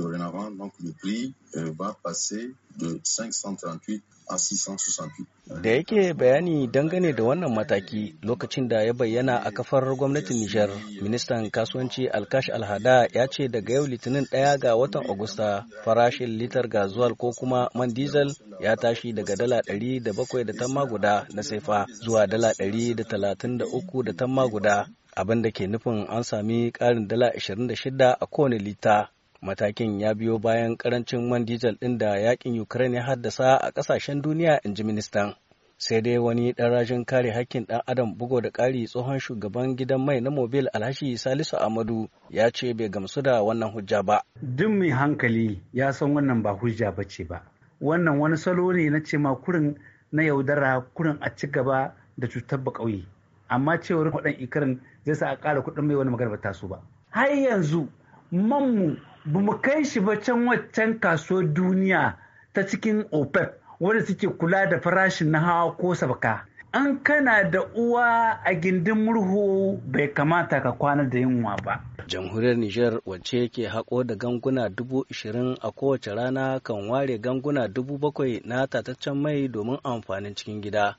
dorénavant, donc le prix euh, va passer de 538 à 668. Da yake bayani dangane da wannan mataki lokacin da ya bayyana a kafar gwamnatin Nijar, ministan kasuwanci Alkash Alhada ya ce daga yau litinin ɗaya ga watan Agusta farashin litar gazuwal ko kuma man diesel ya tashi daga dala ɗari da bakwai da tamma guda na saifa zuwa dala ɗari da talatin da uku da tamma guda abin da ke nufin an sami ƙarin dala 26 a kowane lita Matakin ya biyo bayan karancin man diesel ɗin da yakin Ukraine ya haddasa a ƙasashen duniya in ji ministan. Sai dai wani ɗan rajin kare hakkin ɗan adam bugo da ƙari tsohon shugaban gidan mai na mobil alhashi Salisu Amadu ya ce bai gamsu da wannan hujja ba. Duk mai hankali ya san wannan ba hujja ba ce ba. Wannan wani salo ne na ce ma kurin na yaudara kurin a ci gaba da cutar ba ƙauye. Amma cewar kuɗin ikirin zai sa a ƙara kuɗin mai wani magana ba taso ba. Har yanzu manmu ba mu kai shi ba can waccan kasuwar duniya ta cikin Opep wanda suke kula da farashin na hawa ko sabka an kana da uwa a gindin murhu bai kamata ka kwana da yunwa ba jamhuriyar Nijar wacce yake haƙo da ganguna dubu ishirin a kowace rana kan ware ganguna dubu bakwai na tataccen mai domin amfanin cikin gida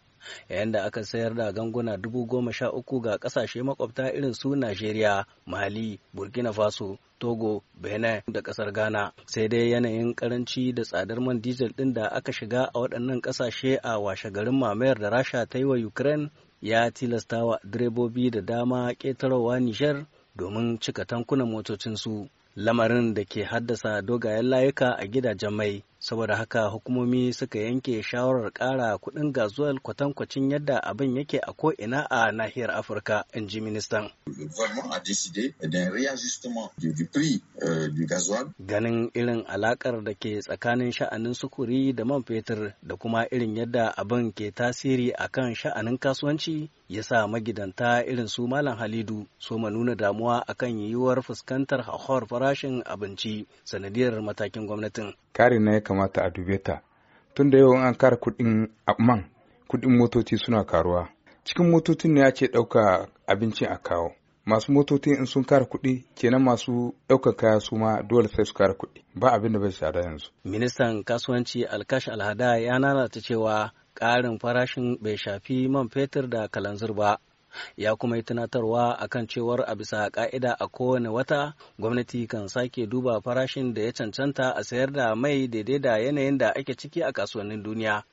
yayin da aka sayar da ganguna dubu goma sha uku ga kasashe makwabta irin su Najeriya, Mali, Burkina Faso, Togo, Benin da kasar Ghana. Sai dai yanayin karanci da tsadar man diesel ɗin da aka shiga a waɗannan kasashe a washe garin mamayar da Rasha ta yi wa Ukraine ya tilasta wa direbobi da dama ƙetarowa Nijar domin cika tankunan motocinsu. Lamarin da ke haddasa dogayen layuka a gidajen mai. saboda haka hukumomi suka yanke shawarar ƙara kuɗin gazuwar kwatankwacin yadda abin yake a ko'ina a nahiyar afirka in ji ministan euh, ganin irin alakar da ke tsakanin sha'anin sukuri da man fetur da kuma irin yadda abin ke tasiri a kan sha'anin kasuwanci ya sa magidanta irin su malam halidu so ma nuna damuwa akan yiwuwar fuskantar hauhawar farashin abinci sanadiyar matakin gwamnatin kamata a dube ta tun da yau an kara kuɗin man kuɗin motoci suna karuwa cikin motocin ne ake dauka abincin a kawo masu motocin in sun kara kuɗi kenan masu ɗaukar kaya su ma dole sai su kara kuɗi ba abin da bai tsada yanzu ministan kasuwanci alkash alhada ya nanata cewa ƙarin farashin bai shafi man fetur da kalanzir ba ya kuma yi tunatarwa a kan cewar a bisa ka'ida a kowane wata gwamnati kan sake duba farashin da ya cancanta a sayar da mai daidai da yanayin da ake ciki a kasuwannin duniya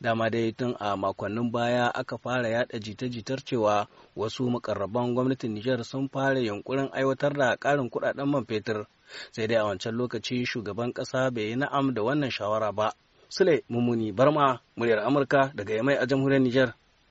dama dai tun a makonnin baya aka fara yada jita-jitar cewa wasu makarraban gwamnatin Nijar sun fara yunkurin aiwatar da karin kudaden man fetur sai dai a wancan lokaci shugaban kasa bai yi na'am da wannan shawara ba sule mummuni barma muryar amurka daga yamai a jamhuriyar Nijar.